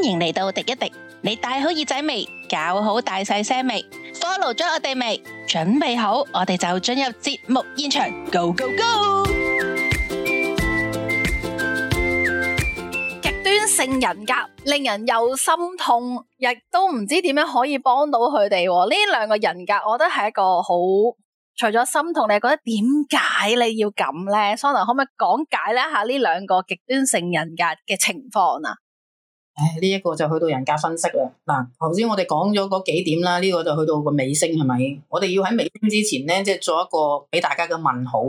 歡迎嚟到滴一滴，你戴好耳仔未？搞好大細聲未？Follow 咗我哋未？準備好，我哋就進入節目現場。Go go go！極端性人格令人又心痛，亦都唔知點樣可以幫到佢哋。呢兩個人格，我覺得係一個好。除咗心痛，你係覺得點解你要咁呢？Sona 可唔可以講解一下呢兩個極端性人格嘅情況啊？呢一個就去到人格分析啦。嗱，頭先我哋講咗嗰幾點啦，呢個就去到個尾聲係咪？我哋要喺尾聲之前呢，即係做一個俾大家嘅問號，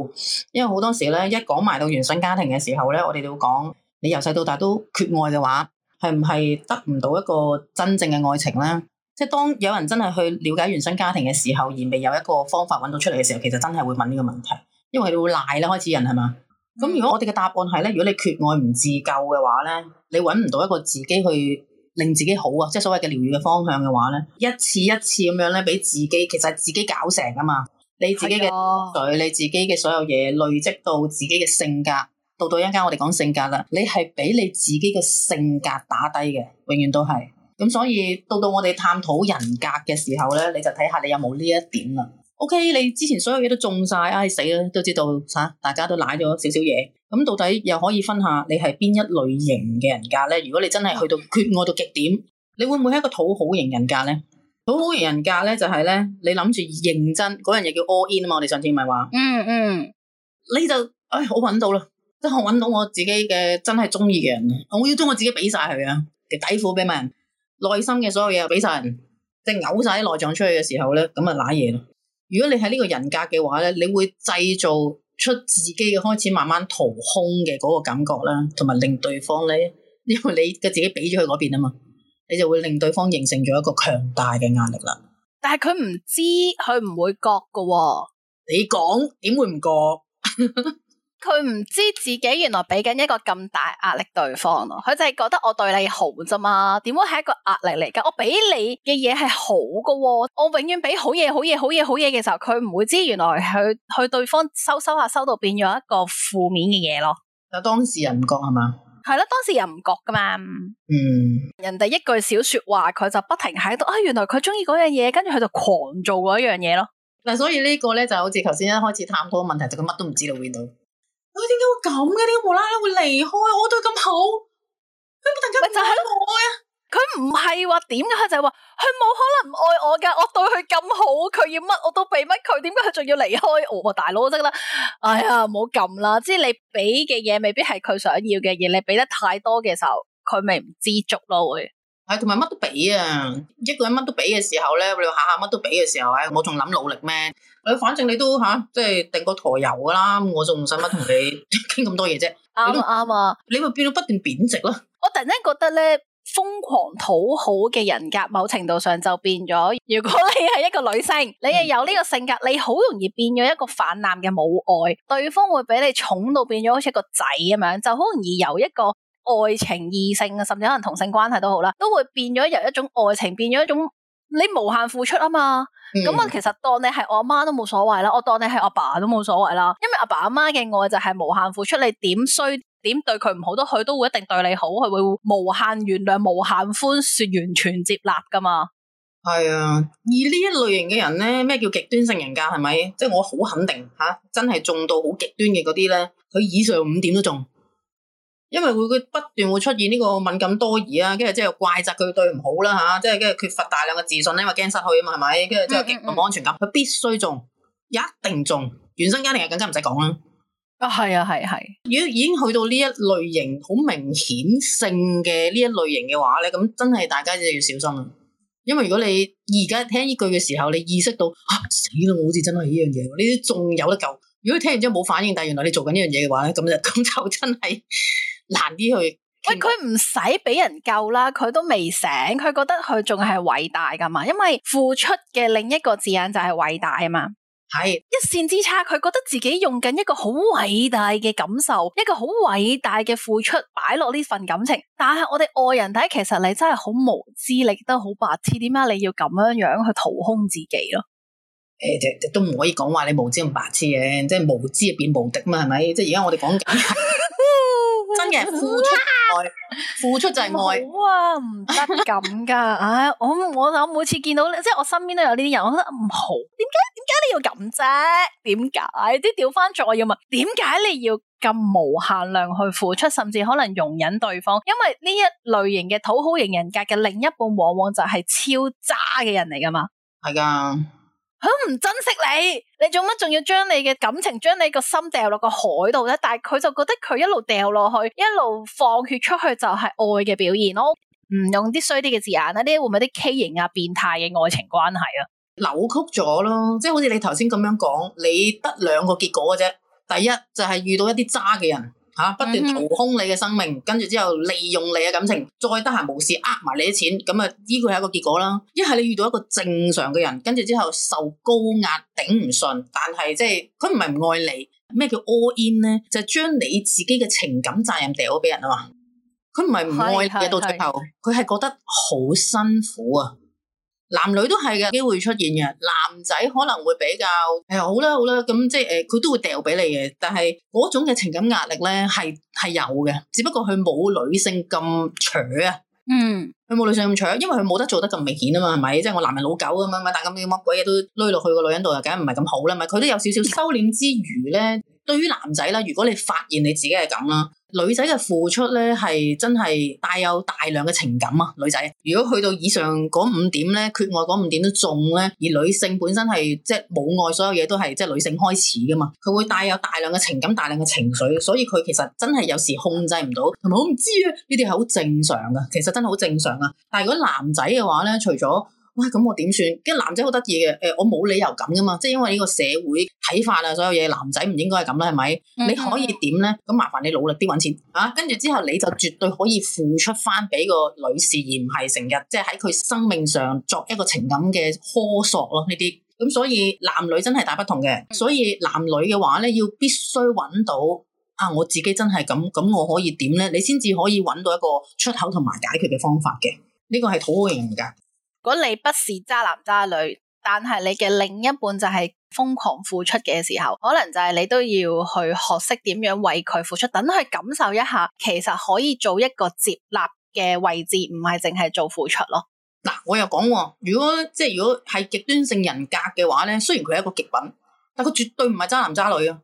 因為好多時咧一講埋到原生家庭嘅時候咧，我哋就會講你由細到大都缺愛嘅話，係唔係得唔到一個真正嘅愛情咧？即係當有人真係去了解原生家庭嘅時候，而未有一個方法揾到出嚟嘅時候，其實真係會問呢個問題，因為佢哋會賴啦開始人係嘛。是。咁如果我哋嘅答案係咧，如果你缺愛唔自救嘅話咧，你揾唔到一個自己去令自己好啊，即係所謂嘅療愈嘅方向嘅話咧，一次一次咁樣咧，俾自己其實係自己搞成啊嘛，你自己嘅對你自己嘅所有嘢累積到自己嘅性格，到到一陣間我哋講性格啦，你係俾你自己嘅性格打低嘅，永遠都係。咁所以到到我哋探討人格嘅時候咧，你就睇下你有冇呢一點啦。O.K. 你之前所有嘢都中晒，唉、哎、死啦！都知道，嚇大家都舐咗少少嘢。咁到底又可以分下你係邊一類型嘅人格咧？如果你真係去到缺愛到極點，你會唔會係一個討好型人格咧？討好型人格咧就係、是、咧，你諗住認真嗰樣嘢叫 all in 啊嘛！我哋上次咪話、嗯，嗯嗯，你就唉、哎、我揾到啦，即係我揾到我自己嘅真係中意嘅人，我要將我自己俾晒佢啊，底褲俾埋人，內心嘅所有嘢俾晒人，即係嘔晒啲內臟出去嘅時候咧，咁啊舐嘢咯～如果你喺呢個人格嘅話咧，你會製造出自己嘅開始慢慢掏空嘅嗰個感覺啦，同埋令對方咧，因為你嘅自己俾咗佢嗰邊啊嘛，你就會令對方形成咗一個強大嘅壓力啦。但係佢唔知，佢唔會覺㗎喎、哦。你講點會唔覺？ 佢唔知自己原來俾緊一個咁大壓力對方咯，佢就係覺得我對你好啫嘛，點會係一個壓力嚟噶？我俾你嘅嘢係好噶，我永遠俾好嘢、好嘢、好嘢、好嘢嘅時候，佢唔會知原來佢去對方收收下收、收、收到變咗一個負面嘅嘢咯。就當事人唔覺係嘛？係咯，當事人唔覺噶嘛。嗯，人哋一句小說話，佢就不停喺度啊！原來佢中意嗰樣嘢，跟住佢就狂做嗰樣嘢咯。嗱，所以個呢個咧就好似頭先一開始探討嘅問題，就佢乜都唔知道會到。佢點解會咁嘅？點解無啦啦會離開我？我對佢咁好，佢突然間唔愛？佢唔係話點噶？佢就係話佢冇可能唔愛我噶。我對佢咁好，佢要乜我都俾乜佢。點解佢仲要離開我？大佬，我真得，哎呀，唔好撳啦。即係你俾嘅嘢未必係佢想要嘅嘢，你俾得太多嘅時候，佢咪唔知足咯會。同埋乜都俾啊！嗯、一個人乜都俾嘅時候咧，你話下下乜都俾嘅時候呢，我仲諗努力咩？你反正你都吓、啊，即係定個台油噶啦，我仲唔使乜同你傾咁 多嘢啫。啱啱啊？你咪都、嗯嗯、變到不斷貶值咯。我突然間覺得咧，瘋狂討好嘅人格，某程度上就變咗。如果你係一個女性，你係有呢個性格，你好容易變咗一個氾濫嘅母愛，嗯、對方會俾你寵到變咗好似一個仔咁樣，就好容易由一個。愛情異性啊，甚至可能同性關係都好啦，都會變咗由一種愛情變咗一種你無限付出啊嘛。咁啊、嗯，其實當你係我阿媽都冇所謂啦，我當你係我阿爸都冇所謂啦。因為阿爸阿媽嘅愛就係無限付出，你點衰點對佢唔好，都佢都會一定對你好，佢會無限原諒、無限寬恕、說完全接納噶嘛。係啊，而呢一類型嘅人咧，咩叫極端性人格？係咪？即係我好肯定吓、啊，真係中到好極端嘅嗰啲咧，佢以上五點都中。因為會佢不斷會出現呢個敏感多疑啊，跟住即係怪責佢對唔好啦吓，即係跟住缺乏大量嘅自信，因為驚失去啊嘛係咪？跟住即係極冇安全感，佢、嗯嗯嗯、必須中，一定中，原生家庭又更加唔使講啦。啊，係啊係係，啊、如果已經去到呢一類型好明顯性嘅呢一類型嘅話咧，咁真係大家就要小心啦。因為如果你而家聽呢句嘅時候，你意識到啊死啦，我好似真係呢樣嘢，呢啲仲有得救。如果你聽完之後冇反應，但原來你做緊呢樣嘢嘅話咧，咁就咁就真係。 難啲去，喂，佢唔使俾人救啦，佢都未醒，佢覺得佢仲係偉大噶嘛，因為付出嘅另一個字眼就係偉大啊嘛，係是一線之差，佢覺得自己用緊一個好偉大嘅感受，一個好偉大嘅付出擺落呢份感情，但係我哋外人睇，其實你真係好無知，你都好白痴，點解你要咁樣樣去掏空自己咯？誒、欸，都唔可以講話你無知唔白痴嘅，即係無知變無敵啊嘛，係咪？即係而家我哋講緊。 真嘅，付出愛，付出就係愛。好啊，唔得咁噶。唉、 哎，我我我每次見到，你，即係我身邊都有呢啲人，我覺得唔好。點解，點解你要咁啫？點解？啲調翻轉我要問，點解你要咁無限量去付出，甚至可能容忍對方？因為呢一類型嘅討好型人格嘅另一半，往往就係超渣嘅人嚟噶嘛。係噶。佢唔珍惜你，你做乜仲要將你嘅感情、將你個心掉落個海度咧？但係佢就覺得佢一路掉落去，一路放血出去就係愛嘅表現咯。唔用啲衰啲嘅字眼啊，呢啲會唔會啲畸形啊、變態嘅愛情關係啊？扭曲咗咯，即係好似你頭先咁樣講，你得兩個結果嘅啫。第一就係遇到一啲渣嘅人。吓、啊，不斷掏空你嘅生命，跟住之後利用你嘅感情，再得閒無事呃埋你啲錢，咁啊，依個係一個結果啦。一係你遇到一個正常嘅人，跟住之後受高壓頂唔順，但係即係佢唔係唔愛你，咩叫 all in 咧？就係，將你自己嘅情感責任掉俾人啊嘛，佢唔係唔愛你，到最後，佢係覺得好辛苦啊。男女都係嘅機會出現嘅，男仔可能會比較誒、欸、好啦好啦，咁即係誒佢都會掉俾你嘅，但係嗰種嘅情感壓力咧，係係有嘅，只不過佢冇女性咁扯啊，嗯，佢冇女性咁扯，因為佢冇得做得咁明顯啊嘛，係咪？即係我男人老狗啊嘛，但係咁乜鬼嘢都攆落去個女人度，又梗係唔係咁好啦？咪佢都有少少收斂之餘咧，對於男仔啦，如果你發現你自己係咁啦。女仔嘅付出咧，係真係帶有大量嘅情感啊！女仔如果去到以上嗰五點咧，缺愛嗰五點都中咧，而女性本身係即係母愛，所有嘢都係即係女性開始噶嘛，佢會帶有大量嘅情感，大量嘅情緒，所以佢其實真係有時控制唔到，同埋我唔知啊，呢啲係好正常噶，其實真係好正常啊。但係如果男仔嘅話咧，除咗哇！咁我點算？跟男仔好得意嘅，誒、欸，我冇理由咁噶嘛，即係因為呢個社會睇法啊，所有嘢男仔唔應該係咁啦，係咪？你可以點咧？咁麻煩你努力啲揾錢啊！跟住之後你就絕對可以付出翻俾個女士，而唔係成日即係喺佢生命上作一個情感嘅苛索咯，啊。呢啲咁所以男女真係大不同嘅。所以男女嘅話咧，要必須揾到啊，我自己真係咁咁，我可以點咧？你先至可以揾到一個出口同埋解決嘅方法嘅。呢、這個係討好型噶。如果你不是渣男渣女，但係你嘅另一半就係瘋狂付出嘅時候，可能就係你都要去學識點樣為佢付出，等佢感受一下，其實可以做一個接納嘅位置，唔係淨係做付出咯。嗱，我又講喎，如果即係如果係極端性人格嘅話咧，雖然佢係一個極品，但佢絕對唔係渣男渣女啊。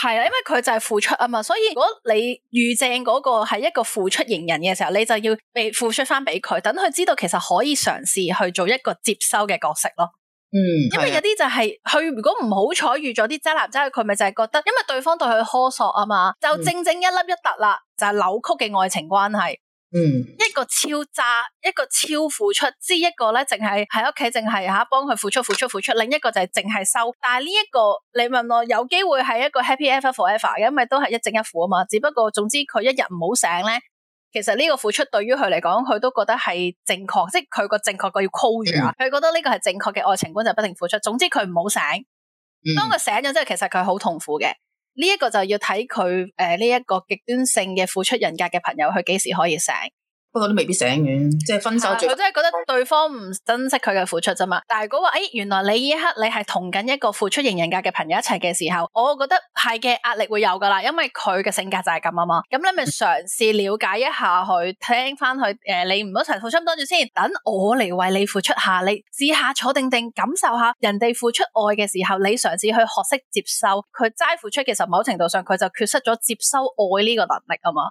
係啦，因為佢就係付出啊嘛，所以如果你遇正嗰個係一個付出型人嘅時候，你就要俾付出翻俾佢，等佢知道其實可以嘗試去做一個接收嘅角色咯。嗯，因為有啲就係、是、佢如果唔好彩遇咗啲渣男渣女，佢咪就係覺得，因為對方對佢苛索啊嘛，就正正一粒一突啦，嗯、就係扭曲嘅愛情關係。嗯，一個超渣，一個超付出，之一個咧淨係喺屋企淨係吓幫佢付出付出付出，另一個就係淨係收。但係呢一個你問我有機會係一個 happy ever forever 因為都係一正一負啊嘛。只不過總之佢一日唔好醒咧，其實呢個付出對於佢嚟講，佢都覺得係正確，即係佢個正確嘅要 call 住啊。佢覺得呢個係正確嘅愛情觀就不停付出。總之佢唔好醒，當佢醒咗之後，其實佢好痛苦嘅。呢一個就要睇佢誒，呢一個極端性嘅付出人格嘅朋友，佢幾時可以醒？不過都未必醒嘅，即係分手。佢真係覺得對方唔珍惜佢嘅付出咋嘛？但係如果話，誒，原來你呢一刻你係同緊一個付出型人格嘅朋友一齊嘅時候，我覺得係嘅壓力會有噶啦，因為佢嘅性格就係咁啊嘛。咁你咪嘗試了解一下佢，聽翻佢，誒，你唔一齊付出多住先，等我嚟為你付出下，你試下坐定定感受下人哋付出愛嘅時候，你嘗試去學識接受佢齋付出嘅時候，其實某程度上佢就缺失咗接收愛呢個能力啊嘛。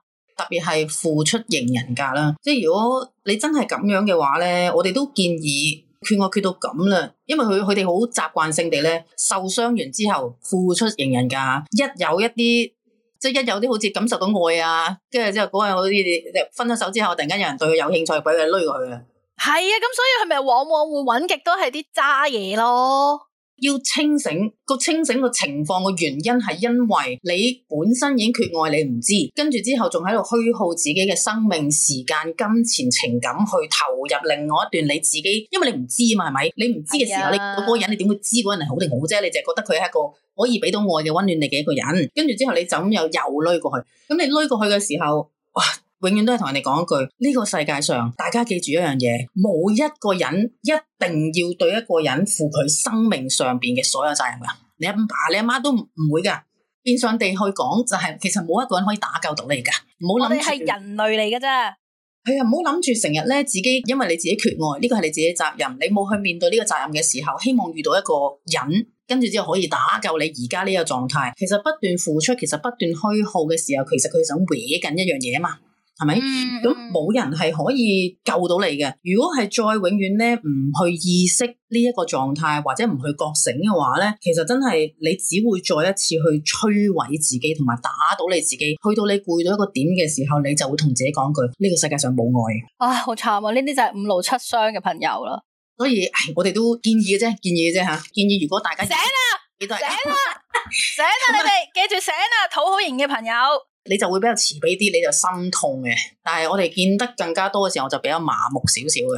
特別係付出型人格啦，即係如果你真係咁樣嘅話咧，我哋都建議勸我缺到咁啦，因為佢佢哋好習慣性地咧，受傷完之後付出型人格，一有一啲即係一有啲好似感受到愛啊，跟住之後嗰日好似入分咗手之後，突然間有人對佢有興趣，鬼就落去啊。係啊，咁所以佢咪往往會揾極都係啲渣嘢咯？要清醒。個清醒個情況嘅原因係因為你本身已經缺愛，你唔知，跟住之後仲喺度虛耗自己嘅生命、時間、金錢、情感，去投入另外一段你自己，因為你唔知嘛，係咪？你唔知嘅時候，呀你嗰個人你點會知嗰人係好定唔好啫？你就係覺得佢係一個可以俾到愛嘅溫暖你嘅一個人，跟住之後你就咁又又攏過去，咁你攏過去嘅時候，哇！永遠都係同人哋講一句呢個世界上，大家記住一樣嘢，冇一個人一定要對一個人負佢生命上邊嘅所有責任㗎。你阿爸、你阿媽都唔會㗎，變相地去講就係其實冇一個人可以打救到你㗎。冇諗住係人類嚟㗎啫。係啊，唔好諗住成日咧，自己因為你自己缺愛，呢個係你自己責任。你冇去面對呢個責任嘅時候，希望遇到一個人跟住之後可以打救你而家呢個狀態。其實不斷付出，其實不斷虛耗嘅時候，其實佢想搲緊一樣嘢啊嘛。係咪？咁冇、嗯嗯、人係可以救到你嘅。如果係再永遠咧唔去意識呢一個狀態，或者唔去覺醒嘅話咧，其實真係你只會再一次去摧毀自己，同埋打倒你自己。去到你攰到一個點嘅時候，你就會同自己講句：呢、這個世界上冇愛。啊，好慘啊！呢啲就係五勞七傷嘅朋友啦。所以，我哋都建議嘅啫，建議嘅啫吓。建議如果大家醒啦、啊啊，醒啦、啊， 醒啦、啊，你哋記住醒啦、啊，討好型嘅朋友。你就會比較慈悲啲，你就心痛嘅。但係我哋見得更加多嘅時候，我就比較麻木少少嘅。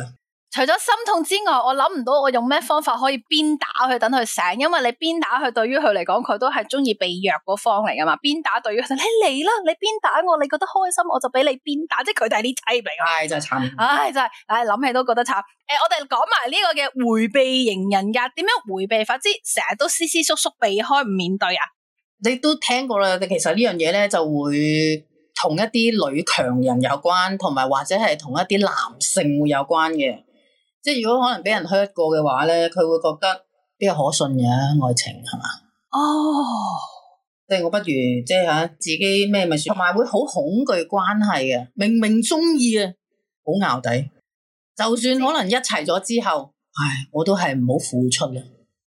除咗心痛之外，我諗唔到我用咩方法可以鞭打佢等佢醒，因為你鞭打佢對於佢嚟講，佢都係中意被虐嗰方嚟噶嘛。鞭打對於佢，你嚟啦，你鞭打我，你覺得開心，我就俾你鞭打，即係佢哋啲仔嚟。唉、哎，真係慘，唉、哎、真係唉諗起都覺得慘。誒、欸，我哋講埋呢個嘅回避型人格，點樣回避？反之，成日都思思縮縮避開唔面對啊！你都聽過啦，其實呢樣嘢咧就會同一啲女強人有關，同埋或者係同一啲男性會有關嘅。即係如果可能俾人 hurt 過嘅話咧，佢會覺得邊個可信嘅、啊、愛情係嘛？哦，即係我不如即係自己咩咪算，同埋會好恐懼關係嘅，明明中意啊，好淆底。就算可能一齊咗之後，唉，我都係唔好付出咯。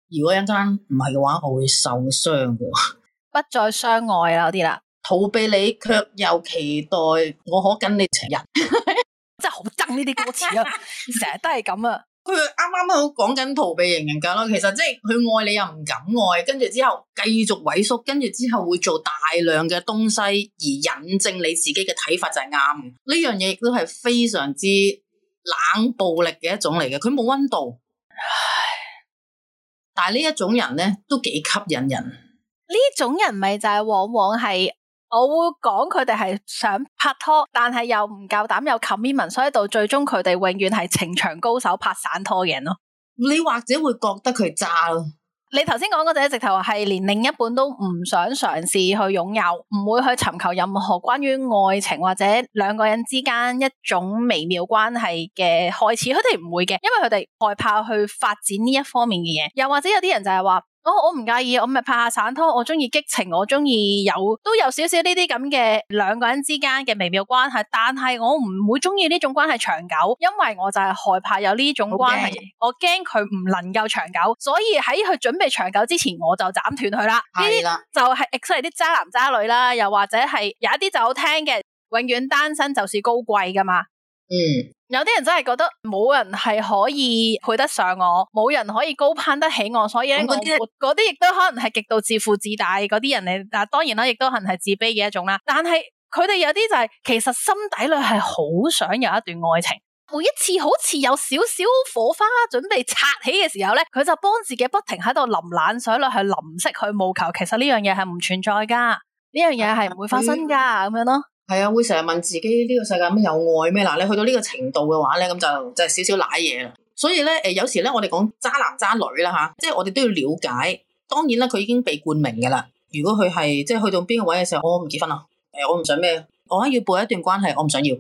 如果一陣唔係嘅話，我會受傷嘅。 不再相愛啦，嗰啲啦，逃避你卻又期待我可跟你情人， 真係好憎呢啲歌詞啊！成日 都係咁啊！佢啱啱好講緊逃避型人格咯，其實即係佢愛你又唔敢愛，跟住之後繼續萎縮，跟住之後會做大量嘅東西而引證你自己嘅睇法就係啱。呢樣嘢亦都係非常之冷暴力嘅一種嚟嘅，佢冇溫度。唉，但係呢一種人咧都幾吸引人、人。呢種人咪就係往往係，我會講佢哋係想拍拖，但係又唔夠膽有 commitment。所以到最終佢哋永遠係情場高手拍散拖嘅人咯。你或者會覺得佢渣咯？你頭先講嗰隻直頭係連另一半都唔想嘗試去擁有，唔會去尋求任何關於愛情或者兩個人之間一種微妙關係嘅開始，佢哋唔會嘅，因為佢哋害怕去發展呢一方面嘅嘢。又或者有啲人就係話。Oh, 我我唔介意，我咪拍下散拖，我中意激情，我中意有都有少少呢啲咁嘅兩個人之間嘅微妙關係，但係我唔會中意呢種關係長久，因為我就係害怕有呢種關係，Okay. 我驚佢唔能夠長久，所以喺佢準備長久之前，我就斬斷佢啦。呢啲 Right. 就係 except 啲渣男渣女啦，又或者係有一啲就好聽嘅，永遠單身就是高貴噶嘛。嗯。Mm. 有啲人真係覺得冇人係可以配得上我，冇人可以高攀得起我，所以咧，我嗰啲亦都可能係極度自負自大嗰啲人嚟。嗱，當然啦，亦都可能係自卑嘅一種啦。但係佢哋有啲就係，其實心底裏係好想有一段愛情。每一次好似有少少火花準備擦起嘅時候咧，佢就幫自己不停喺度淋冷水落去淋熄去，務求其實呢樣嘢係唔存在噶呢樣嘢係唔會發生噶咁樣咯。係啊，會成日問自己呢個世界有愛咩？嗱，你去到呢個程度嘅話咧，咁就就係少少瀨嘢啦。所以咧，誒、呃，有時咧，我哋講渣男渣女啦吓，即係我哋都要了解。當然啦，佢已經被冠名噶啦。如果佢係即係去到邊個位嘅時候，我唔結婚啦，誒，我唔想咩，我要背一段關係，我唔想要。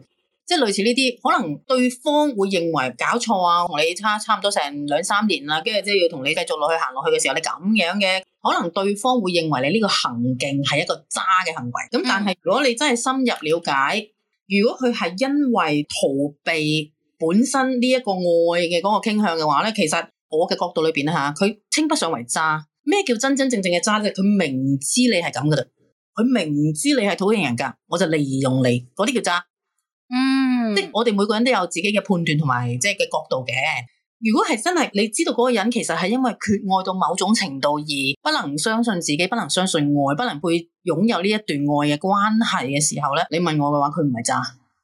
即係類似呢啲，可能對方會認為搞錯啊，同你差差唔多成兩三年啦，跟住即係要同你繼續落去行落去嘅時候，你咁樣嘅，可能對方會認為你呢個行徑係一個渣嘅行為。咁但係如果你真係深入了解，如果佢係因為逃避本身呢一個愛嘅嗰個傾向嘅話咧，其實我嘅角度裏邊吓，佢稱不上為渣。咩叫真真正正嘅渣咧？佢明知你係咁嘅，佢明知你係討厭人噶，我就利用你，嗰啲叫渣。嗯，即係我哋每個人都有自己嘅判斷同埋即係嘅角度嘅。如果係真係你知道嗰個人其實係因為缺愛到某種程度而不能相信自己，不能相信愛，不能去擁有呢一段愛嘅關係嘅時候咧，你問我嘅話，佢唔係咋，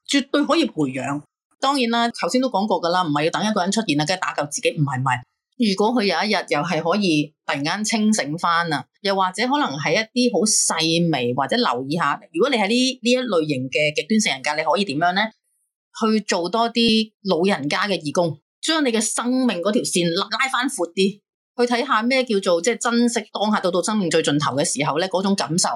絕對可以培養。當然啦，頭先都講過噶啦，唔係要等一個人出現啦，梗係打救自己，唔係唔係。如果佢有一日又係可以突然間清醒翻啊，又或者可能係一啲好細微或者留意下，如果你係呢呢一類型嘅極端性人格，你可以點樣呢？去做多啲老人家嘅義工，將你嘅生命嗰條線拉翻闊啲，去睇下咩叫做即係珍惜當下，到到生命最盡頭嘅時候呢嗰種感受，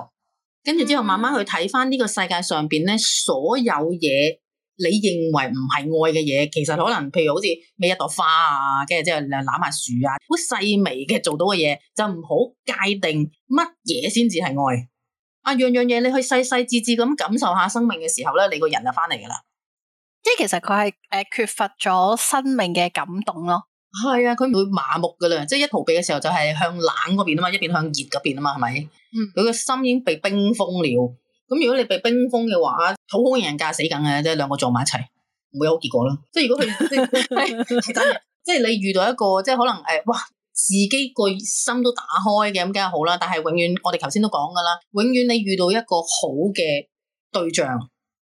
跟住之後慢慢去睇翻呢個世界上邊呢所有嘢。你認為唔係愛嘅嘢，其實可能譬如好似搣一朵花啊，跟住即係攬下樹啊，好細微嘅做到嘅嘢，就唔好界定乜嘢先至係愛啊。樣樣嘢你去細細緻緻咁感受下生命嘅時候咧，你個人就翻嚟噶啦。即係其實佢係誒缺乏咗生命嘅感動咯。係啊，佢唔會麻木噶啦，即係一逃避嘅時候就係向冷嗰邊啊嘛，一邊向熱嗰邊啊嘛，係咪？嗯，佢個心已經被冰封了。咁如果你被冰封嘅話，好苦嘅人架死緊嘅，即係兩個撞埋一齊，唔會有好結果啦。 即係如果佢即係你遇到一個，即係可能誒，哇，自己個心都打開嘅咁，梗係好啦。但係永遠我哋頭先都講噶啦，永遠你遇到一個好嘅對象，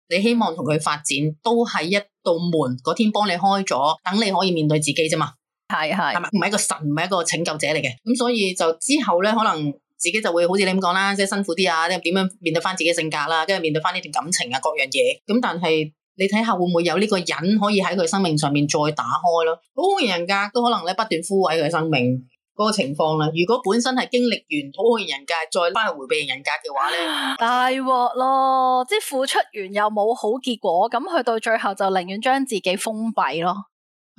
你希望同佢發展，都係一道門，嗰天幫你開咗，等你可以面對自己啫嘛。係係係咪？唔係一個神，唔係一個拯救者嚟嘅。咁所以就之後咧，可能。自己就會好似你咁講啦，即係辛苦啲啊，即係點樣面對翻自己性格啦，跟住面對翻呢段感情啊，各樣嘢。咁但係你睇下會唔會有呢個人可以喺佢生命上面再打開咯？好好型人格都可能咧，不斷枯萎佢生命嗰個情況啦。如果本身係經歷完好好型人格，再翻去回避型人格嘅話咧，大鑊咯！即係付出完又冇好結果，咁去到最後就寧願將自己封閉咯。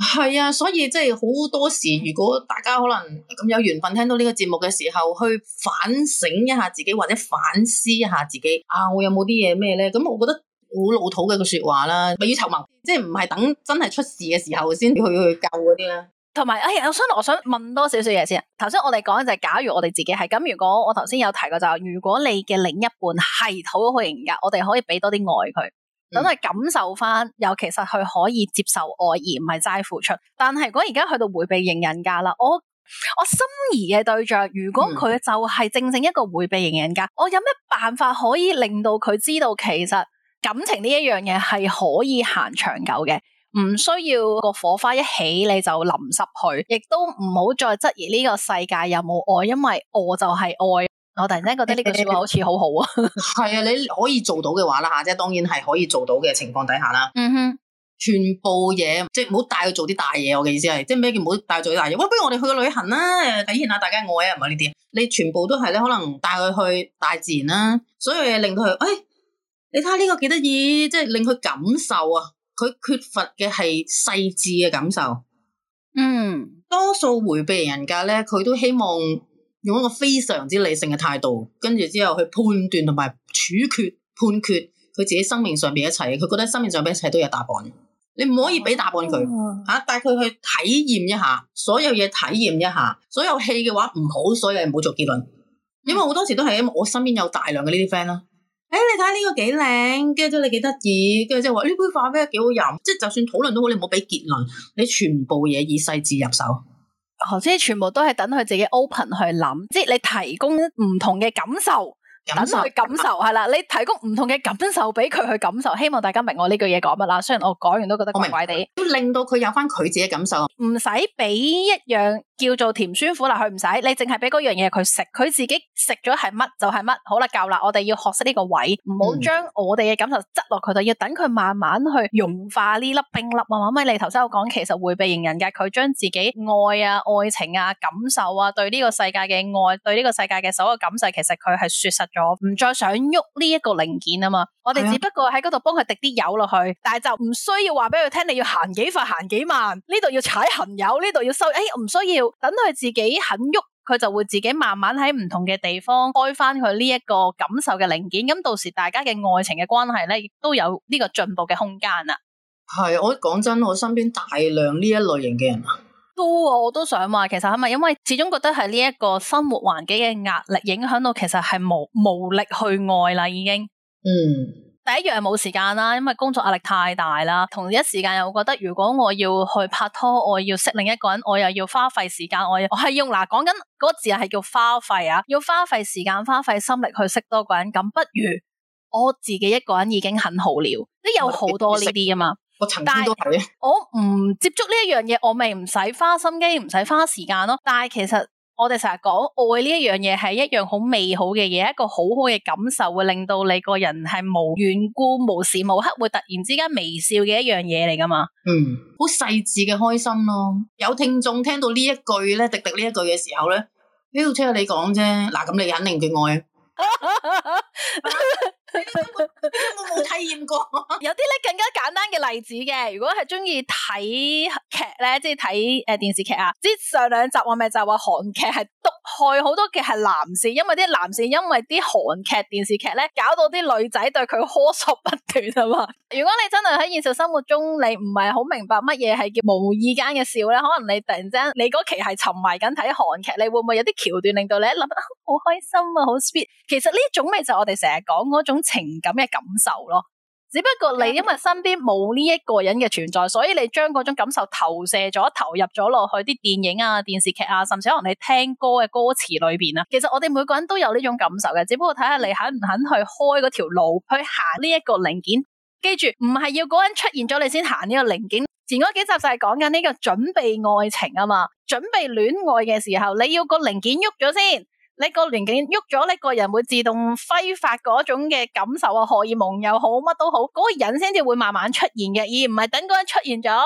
係啊，所以即係好多時，如果大家可能咁有緣分聽到呢個節目嘅時候，去反省一下自己或者反思一下自己啊，我有冇啲嘢咩咧？咁我覺得好老土嘅一個說話啦，未雨綢繆，即係唔係等真係出事嘅時候先去去救嗰啲啦。同埋，哎呀，我想我想問多少少嘢先。頭先我哋講就係，假如我哋自己係咁，如果我頭先有提過就係、是，如果你嘅另一半係討好，好型嘅，我哋可以俾多啲愛佢。等佢感受翻，又其實佢可以接受愛，而唔係齋付出。但係，如果而家去到回避型人格啦，我我心儀嘅對象，如果佢就係正正一個回避型人格，嗯、我有咩辦法可以令到佢知道，其實感情呢一樣嘢係可以行長久嘅，唔需要個火花一起你就淋濕佢，亦都唔好再質疑呢個世界有冇愛，因為我就係愛。我突然間覺得呢個說話好似好好啊，係啊，你可以做到嘅話啦吓，即係當然係可以做到嘅情況底下啦。嗯哼，全部嘢即係唔好帶佢做啲大嘢，我嘅意思係，即係咩叫唔好帶佢做啲大嘢？喂、哎，不如我哋去個旅行啦，誒，體現下大家愛啊，唔係呢啲，你全部都係咧，可能帶佢去大自然啦，所以令到佢，誒、哎，你睇下呢個幾得意，即係令佢感受啊，佢缺乏嘅係細致嘅感受。感受嗯，多數回避人格咧，佢都希望。用一個非常之理性嘅態度，跟住之後去判斷同埋處決判決佢自己生命上邊一切，佢覺得生命上邊一切都有答案。你唔可以俾答案佢吓，帶、啊、佢去體驗一下，所有嘢體驗一下。所有戲嘅話唔好，所以你唔好做結論。因為好多時都係因為我身邊有大量嘅呢啲 friend 啦。誒、哎，你睇呢個幾靚，跟住咁你幾得意，跟住即係話呢杯咖啡幾好飲，即係就算討論都好，你唔好俾結論。你全部嘢以細緻入手。哦，即係全部都係等佢自己 open 去諗，即係你提供唔同嘅感受，等佢感受係啦，你提供唔同嘅感受俾佢去感受，希望大家明我呢句嘢講乜啦。雖然我講完都覺得怪怪地，都令到佢有返佢自己嘅感受，唔使俾一樣。叫做甜酸苦辣佢唔使，你淨係俾嗰樣嘢佢食，佢自己食咗係乜就係乜，好啦夠啦，我哋要學識呢個位，唔好將我哋嘅感受執落佢度，要等佢慢慢去融化呢粒冰粒啊！咪你頭先我講，其實回避型人格佢將自己愛啊、愛情啊、感受啊、對呢個世界嘅愛、對呢個世界嘅所有感受，其實佢係說實咗唔再想喐呢一個零件啊嘛，我哋只不過喺嗰度幫佢滴啲油落去，但係就唔需要話俾佢聽你要行幾快行幾慢，呢度要踩恒油，呢度要收，誒、哎、唔需要。等佢自己肯喐，佢就會自己慢慢喺唔同嘅地方開翻佢呢一個感受嘅零件。咁到時大家嘅愛情嘅關係咧，亦都有呢個進步嘅空間啦。係，我講真，我身邊大量呢一類型嘅人啊，都、哦、我都想話，其實係咪？因為始終覺得係呢一個生活環境嘅壓力，影響到其實係無無力去愛啦，已經。嗯。第一樣係冇時間啦，因為工作壓力太大啦。同一時間又覺得如果我要去拍拖，我要識另一個人，我又要花費時間，我我係用嗱講緊嗰個字係叫花費啊，要花費時間、花費心力去識多個人，咁不如我自己一個人已經很好了。呢有好多呢啲㗎嘛，我曾經都係，我唔接觸呢一樣嘢，我咪唔使花心機，唔使花時間咯。但係其實。我哋成日講愛呢一樣嘢係一樣好美好嘅嘢，一個好好嘅感受，會令到你個人係無緣故、無時無刻會突然之間微笑嘅一樣嘢嚟噶嘛？嗯，好細致嘅開心咯。有聽眾聽到呢一句咧，滴滴呢一句嘅時候咧，屌、哎，聽你講啫。嗱，咁你肯定嘅愛啊。 有啲咧更加簡單嘅例子嘅，如果係中意睇劇咧，即係睇誒電視劇啊，即係上兩集我咪就話韓劇係毒害好多嘅係男士，因為啲男士，因為啲韓劇電視劇咧，搞到啲女仔對佢呵索不斷啊嘛。 如果你真係喺現實生活中，你唔係好明白乜嘢係叫無意間嘅笑咧，可能你突然間你嗰期係沉迷緊睇韓劇，你會唔會有啲橋段令到你諗得好開心啊好 sweet，其實呢種咪就係我哋成日講嗰種情感嘅感受咯。只不過你因為身邊冇呢一個人嘅存在，所以你將嗰種感受投射咗、投入咗落去啲電影啊、電視劇啊，甚至可能你聽歌嘅歌詞裏邊啦。其實我哋每個人都有呢種感受嘅，只不過睇下你肯唔肯去開嗰條路去行呢一個零件。記住，唔係要嗰個人出現咗你先行呢個零件。前嗰幾集就係講緊呢個準備愛情啊嘛，準備戀愛嘅時候，你要個零件喐咗先。你個年紀喐咗，你個人會自動揮發嗰種嘅感受啊，荷爾蒙又好，乜都好，嗰、嗰個人先至會慢慢出現嘅，而唔係等嗰人出現咗，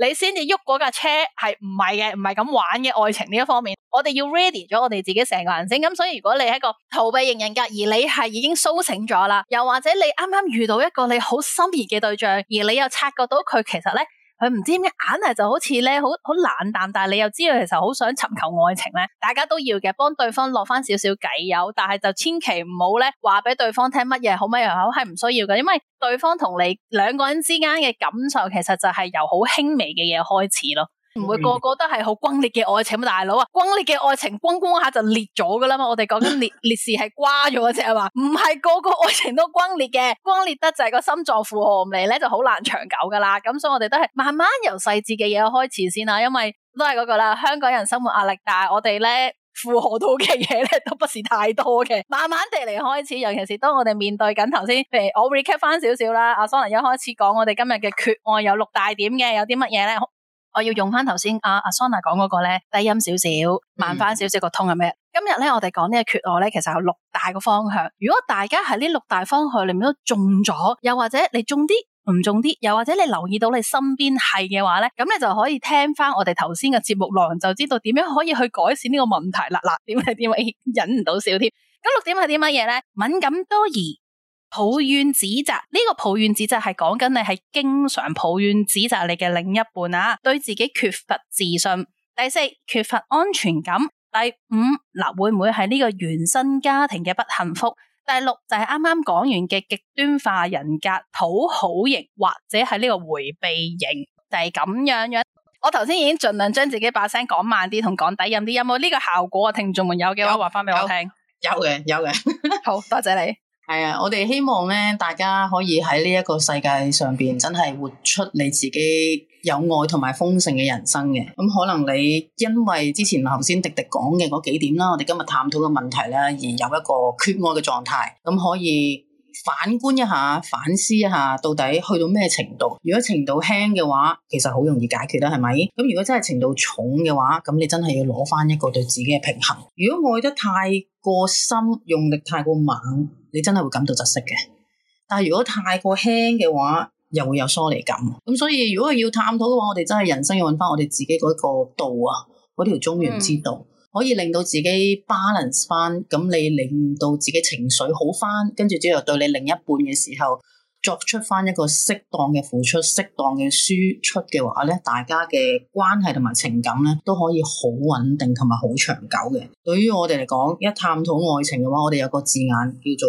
你先至喐嗰架車係唔係嘅，唔係咁玩嘅愛情呢一方面，我哋要 ready 咗我哋自己成個人生，咁所以如果你係一個逃避型人格，而你係已經蘇醒咗啦，又或者你啱啱遇到一個你好心儀嘅對象，而你又察覺到佢其實咧。佢唔知點解，硬係就好似咧，好好冷淡，但係你又知道其實好想尋求愛情咧，大家都要嘅，幫對方落翻少少計友，但係就千祈唔好咧，話俾對方聽乜嘢好乜嘢好，係唔需要嘅，因為對方同你兩個人之間嘅感受，其實就係由好輕微嘅嘢開始咯。唔會個個都係好轟烈嘅愛情，大佬啊！轟烈嘅愛情，轟轟下就裂咗噶啦嘛！我哋講緊烈烈士係瓜咗啫，啊嘛， 唔係個個愛情都轟烈嘅，轟烈得就係個心臟負荷唔嚟咧，就好難長久噶啦。咁所以我哋都係慢慢由細緻嘅嘢開始先啦，因為都係嗰個啦，香港人生活壓力大，我哋咧負荷到嘅嘢咧都不是太多嘅，慢慢地嚟開始。尤其是當我哋面對緊頭先，譬如我 recap 翻少少啦。阿桑尼一開始講我哋今日嘅缺愛有六大點嘅，有啲乜嘢咧？我要用翻頭先阿阿 Sona 講嗰個咧低音少少，慢翻少少個通係咩？嗯、今日咧我哋講呢個缺愛咧，其實有六大個方向。如果大家喺呢六大方向裏面都中咗，又或者你中啲唔中啲，又或者你留意到你身邊係嘅話咧，咁你就可以聽翻我哋頭先嘅節目內容，就知道點樣可以去改善呢個問題啦。嗱，點係點啊？忍唔到笑添。咁六點係點乜嘢咧？敏感多疑。抱怨指責，呢個抱怨指責係講緊你係經常抱怨指責你嘅另一半啊，對自己缺乏自信。第四，缺乏安全感。第五嗱，會唔會係呢個原生家庭嘅不幸福？第六就係啱啱講完嘅極端化人格討好型或者係呢個回避型，就係咁樣樣。我頭先已經盡量將自己把聲講慢啲同講低音啲，有冇呢個效果啊？聽眾們有嘅話，話翻俾我聽。有嘅有嘅，好多謝你。係啊，我哋希望咧，大家可以喺呢一個世界上邊，真係活出你自己有愛同埋豐盛嘅人生嘅。咁可能你因為之前頭先迪迪講嘅嗰幾點啦，我哋今日探討嘅問題咧，而有一個缺愛嘅狀態。咁可以反觀一下，反思一下，到底去到咩程度？如果程度輕嘅話，其實好容易解決啦，係咪？咁如果真係程度重嘅話，咁你真係要攞翻一個對自己嘅平衡。如果愛得太過深，用力太過猛。你真係會感到窒息嘅，但係如果太過輕嘅話，又會有疏離感。咁所以如果要探討嘅話，我哋真係人生要揾翻我哋自己嗰個道啊，嗰條中庸之道，嗯、可以令到自己 balance 翻。咁你令到自己情緒好翻，跟住之後對你另一半嘅時候。作出翻一個適當嘅付出、適當嘅輸出嘅話咧，大家嘅關係同埋情感咧都可以好穩定同埋好長久嘅。對於我哋嚟講，一探討愛情嘅話，我哋有個字眼叫做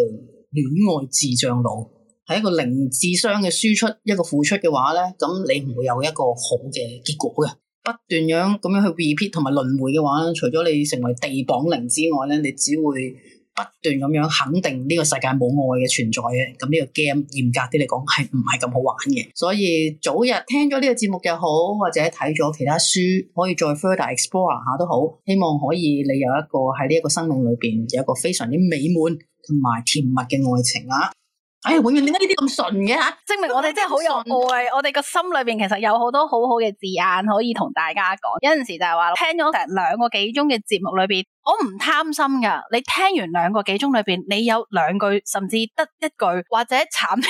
戀愛智障佬，係一個零智商嘅輸出，一個付出嘅話咧，咁你唔會有一個好嘅結果嘅。不斷樣咁樣去 repeat 同埋輪迴嘅話，除咗你成為地縛靈之外咧，你只會。不斷咁樣肯定呢個世界冇愛嘅存在嘅，咁呢個 game 嚴格啲嚟講，係唔係咁好玩嘅。所以早日聽咗呢個節目又好，或者睇咗其他書，可以再 further explore 下都好。希望可以你有一個喺呢一個生命裏邊有一個非常之美滿同埋甜蜜嘅愛情啦、啊。哎，永潤點解呢啲咁順嘅吓？證明我哋真係好有愛， 我哋個心裏邊其實有很多很好多好好嘅字眼可以同大家講。有陣時就係話聽咗成兩個幾鐘嘅節目裏邊，我唔貪心噶。你聽完兩個幾鐘裏邊，你有兩句甚至得一句或者慘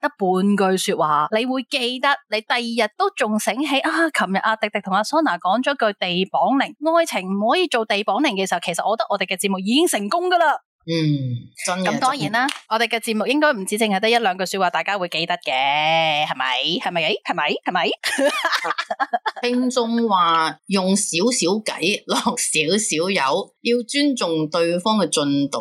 得半句說話，你會記得你第二日都仲醒起啊。琴日阿迪迪同阿桑 o n 講咗句地綁鈴，愛情唔可以做地綁鈴嘅時候，其實我覺得我哋嘅節目已經成功噶啦。嗯，咁當然啦，嗯、我哋嘅節目應該唔止淨係得一兩句說話，大家會記得嘅，係咪？係咪？係咪？係咪？ 聽眾話用少少偈，落少少油，要尊重對方嘅進度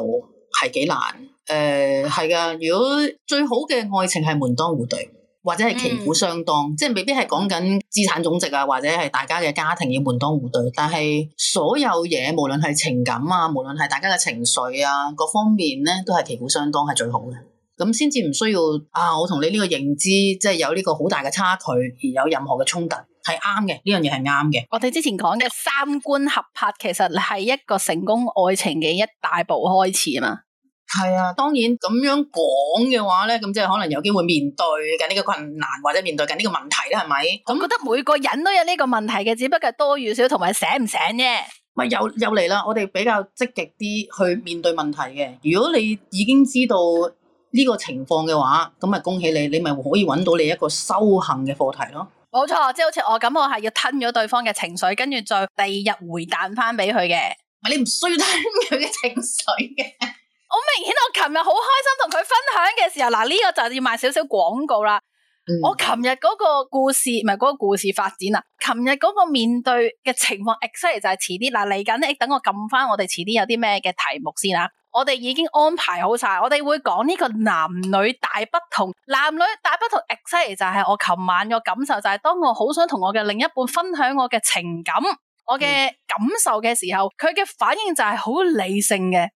係幾難。誒、呃，係噶，如果最好嘅愛情係門當戶對。或者係旗鼓相當，嗯、即係未必係講緊資產總值啊，或者係大家嘅家庭要門當戶對，但係所有嘢無論係情感啊，無論係大家嘅情緒啊，各方面咧都係旗鼓相當係最好嘅，咁先至唔需要啊，我同你呢個認知即係、就是、有呢個好大嘅差距而有任何嘅衝突係啱嘅，呢樣嘢係啱嘅。我哋之前講嘅三觀合拍其實係一個成功愛情嘅一大步開始啊嘛。係啊，當然咁樣講嘅話咧，咁即係可能有機會面對緊呢個困難，或者面對緊呢個問題啦，係咪？咁、嗯嗯、覺得每個人都有呢個問題嘅，只不過多與少同埋醒唔醒啫。咪又又嚟啦！我哋比較積極啲去面對問題嘅。如果你已經知道呢個情況嘅話，咁咪恭喜你，你咪可以揾到你一個修行嘅課題咯。冇錯，即係好似我咁，我係要吞咗對方嘅情緒，跟住再第二日回彈翻俾佢嘅。係你唔需要吞佢嘅情緒嘅。好明顯，我琴日好開心同佢分享嘅時候，嗱、啊、呢、這個就要賣少少廣告啦。嗯、我琴日嗰個故事，唔係嗰個故事發展啊。琴日嗰個面對嘅情況 actually 就係遲啲。嗱、啊，嚟緊咧，等我撳翻我哋遲啲有啲咩嘅題目先啊。我哋已經安排好晒，我哋會講呢個男女大不同。男女大不同 actually 就係我琴晚個感受，就係當我好想同我嘅另一半分享我嘅情感、嗯、我嘅感受嘅時候，佢嘅反應就係好理性嘅。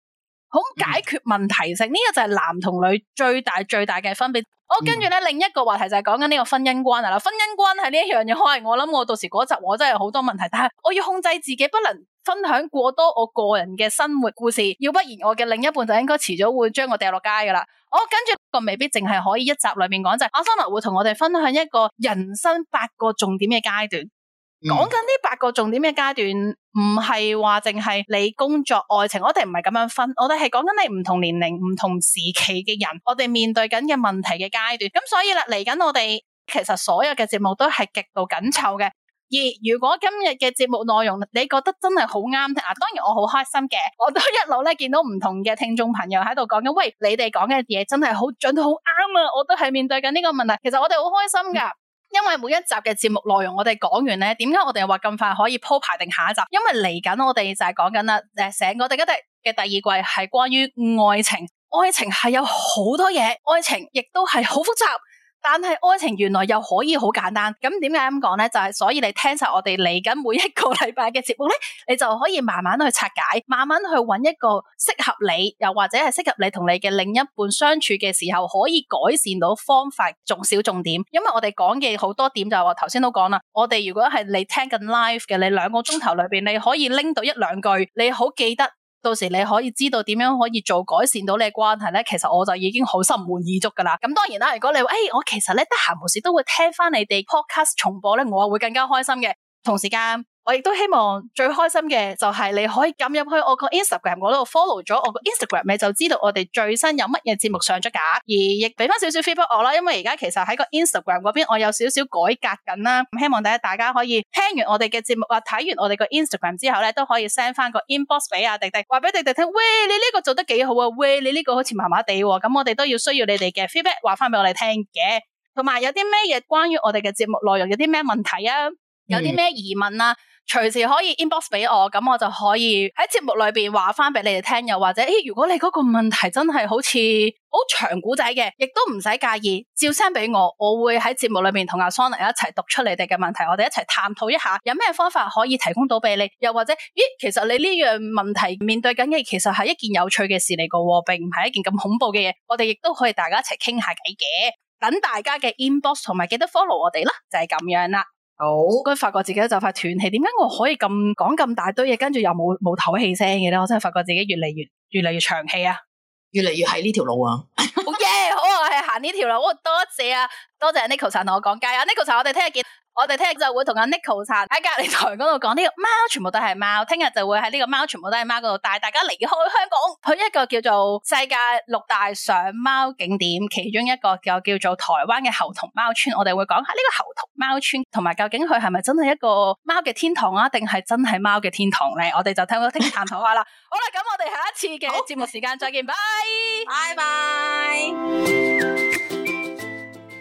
好、嗯、解決問題性呢，這個就係男同女最大最大嘅分別。我、哦、跟住咧另一個話題就係講緊呢個婚姻關係啦。婚姻關係呢一樣嘢，我係我諗我到時嗰集我真係有好多問題，但係我要控制自己不能分享過多我個人嘅生活故事，要不然我嘅另一半就應該遲早會將我掉落街噶啦。我、哦、跟住、這個未必淨係可以一集裏面講就係，阿桑拿會同我哋分享一個人生八個重點嘅階段。講緊呢八個重點嘅階段，唔係話淨係你工作、愛情，我哋唔係咁樣分，我哋係講緊你唔同年齡、唔同時期嘅人，我哋面對緊嘅問題嘅階段。咁所以啦，嚟緊我哋其實所有嘅節目都係極度緊湊嘅。而如果今日嘅節目內容你覺得真係好啱聽，嗱、啊，當然我好開心嘅，我都一路咧見到唔同嘅聽眾朋友喺度講緊，喂，你哋講嘅嘢真係好準、好啱啊！我都係面對緊呢個問題，其實我哋好開心噶。嗯因為每一集嘅節目內容我哋講完咧，點解我哋又話咁快可以鋪排定下一集？因為嚟緊我哋就係講緊啦，成個第一季嘅第二季係關於愛情，愛情係有好多嘢，愛情亦都係好複雜。但係愛情原來又可以好簡單，咁點解咁講呢？就係所以你聽晒我哋嚟緊每一個禮拜嘅節目呢，你就可以慢慢去拆解，慢慢去揾一個適合你，又或者係適合你同你嘅另一半相處嘅時候，可以改善到方法，重少重點。因為我哋講嘅好多點就係我頭先都講啦，我哋如果係你聽緊 live 嘅，你兩個鐘頭裏邊你可以拎到一兩句，你好記得。到時你可以知道點樣可以做改善到你嘅關係咧，其實我就已經好心滿意足噶啦。咁當然啦，如果你話誒、哎，我其實咧得閒無事都會聽翻你哋 podcast 重播咧，我啊會更加開心嘅。同時間。我亦都希望最開心嘅就係你可以撳入去我個 Instagram，嗰度 follow 咗我個 Instagram 你就知道我哋最新有乜嘢節目上咗架，而亦俾翻少少 feedback 我啦。因為而家其實喺個 Instagram 嗰邊我有少少改革緊啦，希望大家大家可以聽完我哋嘅節目或睇完我哋個 Instagram 之後咧，都可以 send 翻個 inbox 俾阿迪迪，話俾迪迪聽。喂，你呢個做得幾好啊？喂，你呢個好似麻麻地，咁我哋都要需要你哋嘅 feedback，話翻俾我哋聽嘅。同埋有啲咩嘢關於我哋嘅節目內容有啲咩問題啊？有啲咩疑問啊？嗯隨時可以 inbox 俾我，咁我就可以喺節目裏邊話翻俾你哋聽。又或者，咦，如果你嗰個問題真係好似好長古仔嘅，亦都唔使介意，照 send 俾我，我會喺節目裏面同阿桑尼一齊讀出你哋嘅問題，我哋一齊探討一下，有咩方法可以提供到俾你。又或者，咦，其實你呢樣問題面對緊嘅，其實係一件有趣嘅事嚟嘅，並唔係一件咁恐怖嘅嘢。我哋亦都可以大家一齊傾下偈嘅。等大家嘅 inbox 同埋記得 follow 我哋啦，就係、是、咁樣啦。好，我發覺自己就快斷氣，點解我可以咁講咁大堆嘢，跟住又冇冇唞氣聲嘅咧？我真係發覺自己越嚟越越嚟越長氣啊，越嚟越係呢條路啊。 oh、yeah, 好耶！好啊！係行呢條路，好多謝啊，多謝 Nico 同我講偈啊 Nico 我哋聽日見。我哋聽日就會同阿 Nicko san 喺隔離台嗰度講呢個貓全部都係貓。聽日就會喺呢個貓全部都係貓嗰度帶大家離開香港，去一個叫做世界六大上貓景點，其中一個就叫做台灣嘅猴同貓村。我哋會講下呢個猴同貓村，同埋究竟佢係咪真係一個貓嘅天堂啊？定係真係貓嘅天堂呢？我哋就聽日聽探討下啦。 好啦，咁我哋下一次嘅好節目時間再見，拜拜拜拜。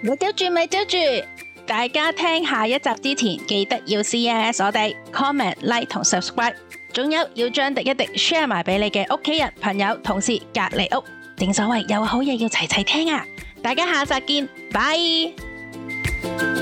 你揪住 bye，咪揪住。 大家聽下一集之前，記得要 CNS 我哋 comment like 同 subscribe，仲有要將滴一滴 share 埋俾你嘅屋企人、朋友、同事、隔離屋。正所謂有好嘢要齊齊聽啊！大家下集見，拜。